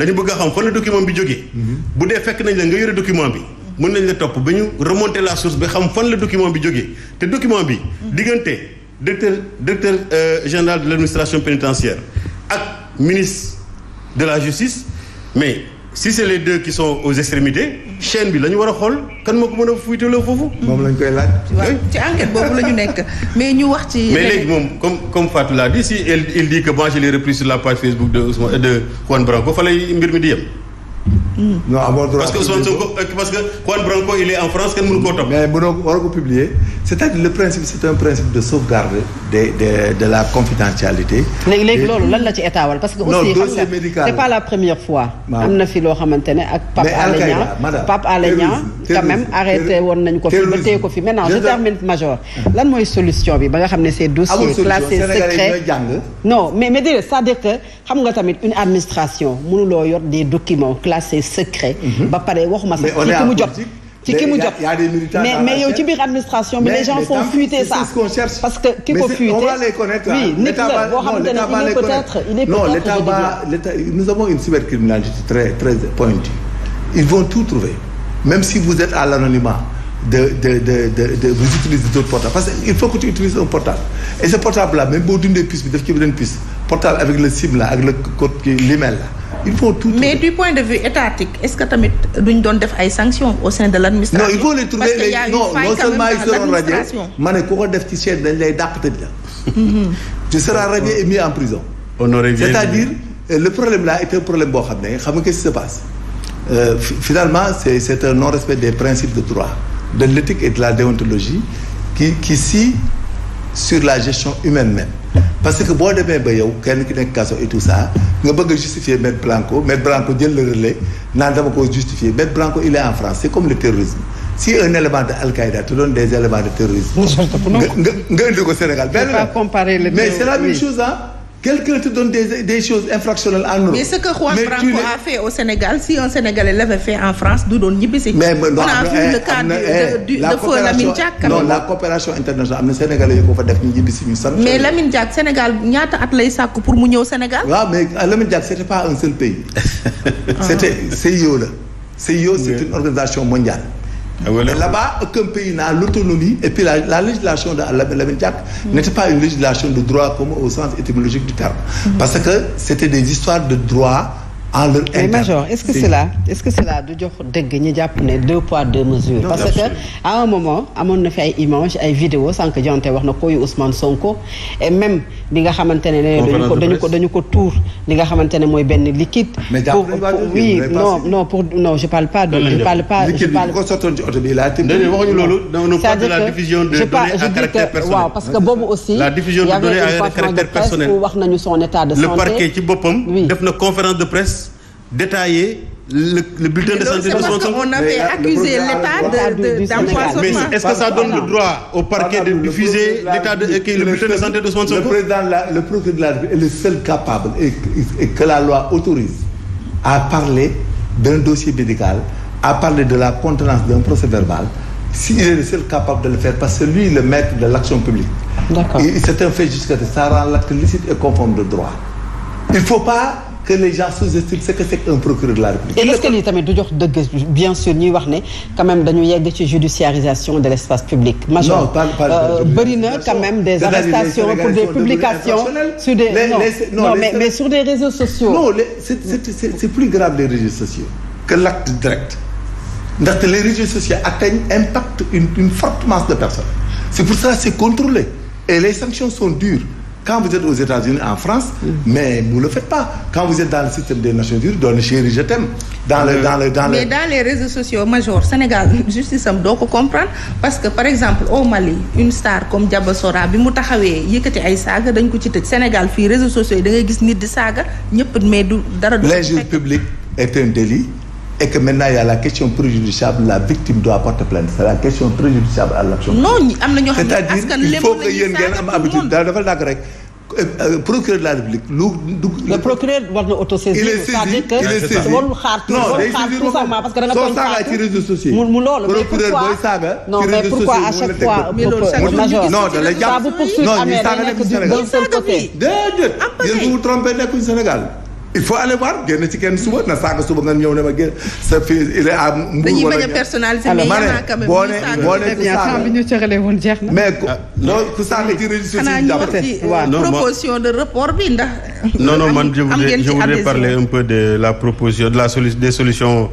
dañu bëgg xam fan la document bi jógee. Mhm. bu dee fekk nañ la nga yore document bi. mën nañ la topp ba ñu remonter la source ba xam fan la document bi jógee te document bi. Mhm. diggante directeur directeur euh, général de l' administration pénitentiaire ak ministre de la justice mais si c'est les deux qui sont aux extrémités chaîne bi lañu wara xol kan moo ko mën le fofu mom lañ koy laaj. ci enquête bobu lañu nek mais ñu wax ci. mais légui mom comme comme Fatou l'a dit si il dit que bon je l'ai repris sur la page Facebook de Ousmane de Juan Branco fa lay mbir mi di non amoo droit parce que Ousmane euh, parce que Juan Branco il est en France kenn mënu koo topp. mais On war ko publier c' à dire le principe c'est un principe de sauvegarde de de de la confidentialité. léegi léegi loolu lan la ci état wal parce que. aussi xam nga pas la première fois. am na fi loo ak. Pape Alé Pape quand même arrêté On nañu ko fi ba téye ko fi maintenant je termine major. Ah. lan une solution bi ba nga xam ne ces dossiers classés secret non mais mais déedéet c' est à dire que xam nga tamit une administration mënuloo yor des documents classés secret. Mhm. ba pare waxuma sax ci ki mu jot. ci ki mu y mais mais yow administration les gens font fuiter ça parce que qui ko fuiter on va les connaître hein. oui l'État non l'État va nous avons une cybercriminalité très très pointue ils vont tout trouver même si vous êtes à l'anonymat de de de de de vous utilisez d'autres portables parce qu'il faut que tu utilises un portable et ce portable là même si vous puce bi daf ci puce portable avec le SIM là avec le code l'email là mais du point de vue étatique est-ce que tamit duñ doon def ay sanctions au sein de l'administration non il faut les trouver parce non seulement ils seront radiés Mané ne ko def ci dañ lay mhm. tu seras radié et mis en prison c'est-à-dire euh, le problème là était un problème bo xamné xam nga qu'est-ce qui se passe euh, finalement c'est un non-respect des principes de droit de l'éthique et de la déontologie qui qui scie sur la gestion humaine même parce que boo demee ba yow kenn ki nekk kaso et tout ça nga bëgg a justifier Blanco maître Blanco jël le relais naan dama ko justifier maître Blanco il est en France comme le terrorisme si un élément de Al-Qaïda te donne des éléments de terrorisme. nga nga indi ko Sénégal. mais c'est la même chose ah. Quelqu'un te donne des, choses infractionnelles en Europe. Mais ce que Juan Franco a fait au Sénégal, si un Sénégalais l'avait fait en France, d'où donne Nibisi. Mais, mais non, on a vu le eh, cas eh, de, eh, la de Feu Lamine Diak. Non, la coopération internationale, mais Sénégalais, il faut faire Nibisi. Mais Lamine Diak, Sénégal, il y a un pour Mounio au Sénégal. Oui, mais euh, Lamine Diak, ce n'était pas un seul pays. C'était ah. CIO. CIO, c'est une organisation mondiale. Ah, là-bas, aucun pays n'a l'autonomie. Et puis la, législation de la mmh. n'était pas une législation de droit comme au sens étymologique du terme. Mm. Parce que c'était des histoires de droit en leur Mais Major, est-ce que cela, est-ce que cela du jox dëgg ñu jàpp ne deux poids deux mesures. parce que à un moment amoon na fi ay images ay vidéos sànq jonte wax na ko Ousmane Sonko et même bi nga xamante ne dañu ko dañu ko dañu ko tuur li nga xamante ne mooy benn liquide. mais pour oui non non pour non je parle pas de. je parle pas je parle ko de ci oto bi la waxuñu loolu. c'est-à-dire la diffusion de données à caractère personnel waaw parce que boobu aussi. la diffusion de données à caractère personnel wax nañu son état de santé. le parquet ci boppam. def na conférence de presse détailler le, bulletin de santé de Ousmane On avait accusé l'État d'empoisonnement. est-ce que ça donne le droit au parquet de diffuser l'état de, le bulletin de santé de soins Le président, le procureur de la République est le seul capable et, que la loi autorise à parler d'un dossier médical, à parler de la contenance d'un procès verbal. S'il est le seul capable de le faire, parce que lui, le maître de l'action publique. D'accord. C'est un fait jusqu'à ce que ça rend la licite et conforme de droit. Il ne faut pas c'est les gens sous-estiment c'est que c'est un procureur de la République. et est-ce que l'État toujours, bien sûr ni quand même dañu yegg des judiciarisation de l'espace public. non pas pas euh, quand même des arrestations pour des publications sur des non mais mais sur des réseaux sociaux. non c'est plus grave les réseaux sociaux que l'acte direct. que les réseaux sociaux atteignent impactent une une forte masse de personnes c'est pour ça que c'est contrôlé et les sanctions sont dures. Quand vous êtes aux États-Unis, en France, mm. mais vous ne le faites pas. Quand vous êtes dans le système des Nations Unies, donnez chérie, je t'aime. Dans le, dans le, mais dans les réseaux sociaux, Major, Sénégal, justice, je dois comprendre. Parce que, par exemple, au Mali, une star comme Diabassora, Sora, bi mu taxawé yëkëti ay saga dañ ko ci Sénégal les réseaux sociaux da ngay gis nit di saga monde mais du dara du. L'injure publique est un délit et que maintenant il y a la question préjudiciable, la victime doit porter plainte. C'est la question préjudiciable à l'action. Non, c'est-à-dire qu'il faut que yéen ngeen am habitude Dans dafa nag rek. Euh, euh, procureur de la République le procureur war na autosaisir. il est saisi il est saisi warul xaar tout tout simplement parce que dans nga soo saaga ci réseaux sociaux. mu mu non mais pourquoi à chaque fois. mais loolu chaque jour non da lay jàpp non ñu saaga nekk Sénégal. Deux, yéen vous trompez nekkuñu Sénégal il faut aller voir il est à mais de eh ah, non non je voudrais parler un peu de la proposition de la des solutions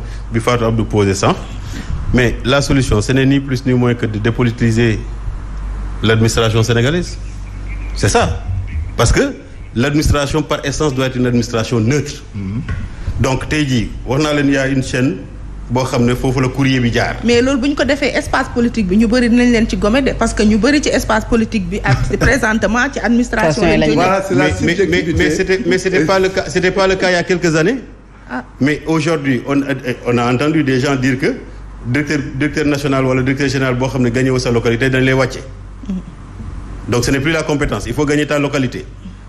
mais la solution ce n'est ni plus ni moins que de dépolitiser l'administration sénégalaise c'est ça parce que l'administration par essence doit être une administration neutre. Mhm. donc tu dis, wax on a une chaîne boo xam le courrier bi mais loolu bu pas ko espace politique bi ñu de dinañ parce que ñu bëri ci espace politique bi présentement administration. mais mais c'était pas le cas il y a quelques années. Ah. mais aujourd'hui on a entendu des gens dire que directeur directeur national le directeur général ne gagné pas sa localité dans les watches. Mhm. donc ce n'est plus la compétence il faut gagner ta localité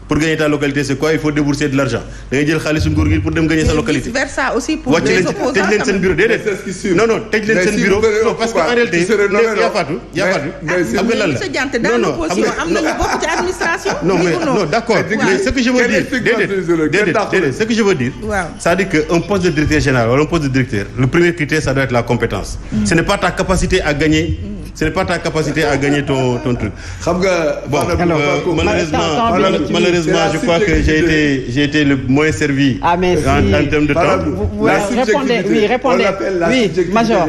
pour gagner ta localité c'est quoi il faut débourser de l'argent da ngay jël xaalisu pour dem gagner sa localité. vice versa aussi pour les opposants tëj non, seen bureau déedéet. non non tëj leen seen bureau non parce que en réalité il faatu a pas am nga lan la non non ci administration. non mais non d'accord mais ce que je veux dire déedéet déedéet ce que je veux dire. Ça dit dire que un poste de directeur général ou un poste de directeur le premier critère ça doit être la compétence. ce n'est pas ta capacité à gagner ce n'est pas ta capacité à gagner ton, ton truc. Bon, euh, euh, malheureusement, malheureusement, je crois que j'ai été, j'ai été le moins servi ah, merci en, en, termes de temps. Vous, la répondez, oui, répondez. La oui, Major,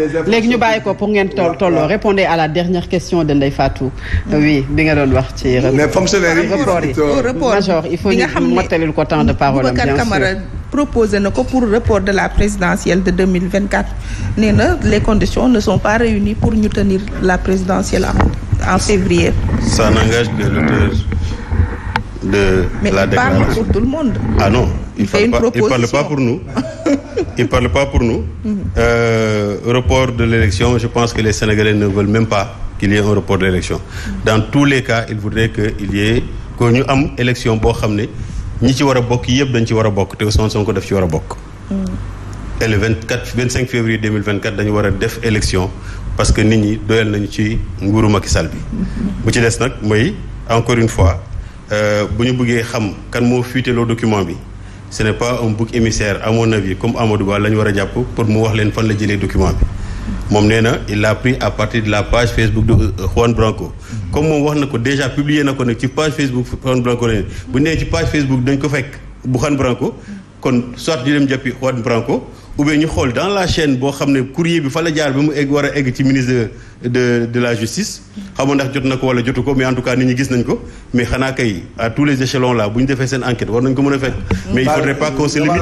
répondez à la dernière question de Ndeye Fatou. Oui, bien doon wax ci. Mais fonctionnaire Major, il faut ñu mottalil le temps de parole bien sûr proposé pour pour report de la présidentielle de 2024 mais les conditions ne sont pas réunies pour nous tenir la présidentielle en, février. Ça n'engage que de la déclaration. il parle pour tout le monde. Ah non, il ne parle, pas pour nous. il ne parle pas pour nous. Mhm. Euh, report de l'élection, je pense que les Sénégalais ne veulent même pas qu'il y ait un report de l'élection. Dans tous les cas, ils voudraient qu'il y ait, qu'on une élection, ni ci war a bokk yëpp dañ ci war bokk te Ousmane Sonko daf ci mm. et le 24 25 février 2024, nous avons élection parce que nit ñi doyal nañu ci nguuru Macky bi. Mm-hmm. bu ci encore une fois euh, bu ñu bëggee xam kan moo document ce n'est pas un bouc émissaire à mon avis comme Amadou Ba pour mu wax leen fan la il l'a pris à partir de la page Facebook de euh, Juan Branco comme on waxnako déjà publié nako page Facebook Juan Branco la bu né page Facebook dañ ko Juan Branco kon soit ñu dem Juan Branco ou bien ñu xool dans la chaîne bo xamné courrier bi fa la jaar bi mu egg wara egg ci ministre de de la justice xamoo ndax jot nako wala jotuko mais en tout cas nit ñi gis nañ ko mais xana kay à tous les échelons là bu défé sen enquête war nañ ko mëna a mais il faudrait pas qu'on se limite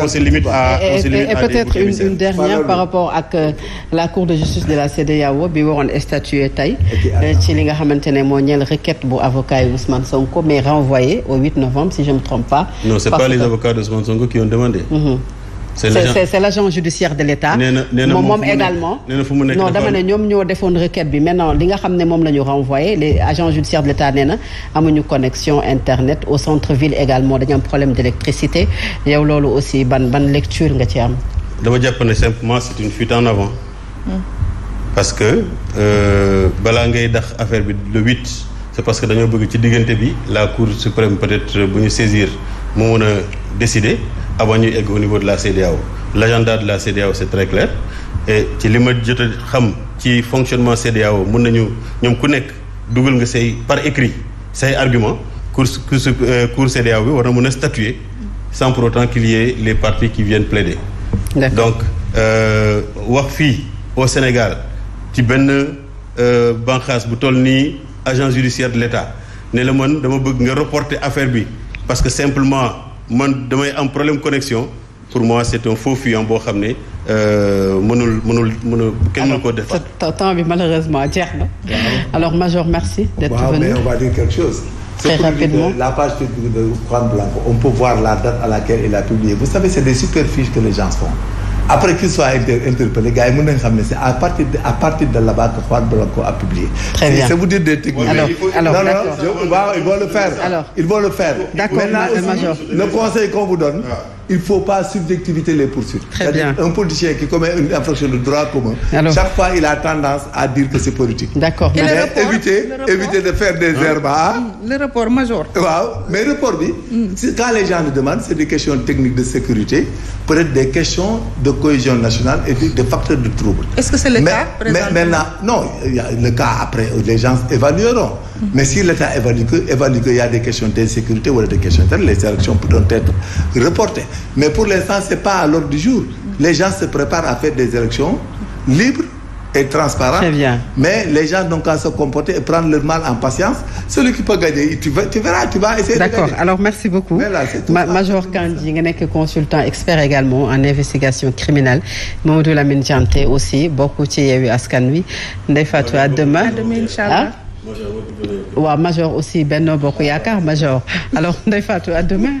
qu'on se limite à et, et, et, et peut-être une, une dernière par rapport ak euh, la cour de justice de la CEDEAO bi waroon statuer tay euh, ci li nga xamantene mo ñël requête bu avocat Ousmane Sonko mais renvoyé au 8 novembre si je me trompe pas non c'est pas les avocats de Ousmane Sonko qui ont demandé mm -hmm c'est l'agent judiciaire de l'État Moi-même également non dama nous avons ñoo requête maintenant li nga renvoyé les agents judiciaires de l'État ont une connexion internet au centre ville également Il y a un problème d'électricité Il y a aussi une lecture Je vais dire dama simplement c'est une fuite en avant hmm. parce que euh, ngay le 8, c'est parce que la Cour suprême peut-être saisir mon décider avant ñuy au niveau de la cdao l'agenda de la cdao c'est très clair et ci li ma jot a xam ci fonctionnement CEDEAO mun nous nous ku nekk par écrit arguments argument la cour CEDEAO bi war na statuer sans pour autant qu'il y ait les parties qui viennent plaider donc euh, wafi au Sénégal qui benn euh, banques bu toll agence judiciaire de l'état nous le la de dama reporter affaire bi parce que simplement man damay am problème connexion pour moi c'est un faux fuyant bo xamné euh, mënul mënul mënul malheureusement jeex alors major merci d'être venu. mais on va dire quelque chose. très rapidement la page de de Juan blanc on peut voir la date à laquelle il a publié vous savez c'est des des superfiches que les gens font après qu'il soit inter interpellé gars ils vont nañu c'est à partir de à partir de là-bas que Juan Blanco a publié. très bien c'est vous dire des techniques. alors alors non, non, ils vont le faire. alors ils vont le faire. d'accord maintenant le conseil qu'on vous donne. Ah il ne faut pas subjectivité les poursuites. Très bien. un politicien qui commet une infraction de droit commun, chaque fois il a tendance à dire que c'est politique. D'accord. Mais éviter, éviter de faire des hein? herbes hein? Le report major. Mais le report, oui. Mm. quand les gens le demandent, c'est des questions techniques de sécurité, peut-être des questions de cohésion nationale et des facteurs de trouble. Est-ce que c'est le mais, cas mais, maintenant, non, y a le cas après, les gens évalueront. Mais si l'État évalue qu'il y a des questions d'insécurité ou des questions telles, les élections pourront être reportées. Mais pour l'instant, ce n'est pas à l'ordre du jour. Les gens se préparent à faire des élections libres et transparentes. Très bien. Mais les gens n'ont qu'à se comporter et prendre leur mal en patience. Celui qui peut gagner, tu, tu verras, tu vas essayer de gagner. D'accord, alors merci beaucoup. Là, Ma, Major Kandi, consultant expert également en investigation criminelle. Maudou Lamine aussi, beaucoup de ont eu à demain. À demain, Inch'Allah. Ah? à major aussi Benno Bokoyaka, major alors est Fatou à demain.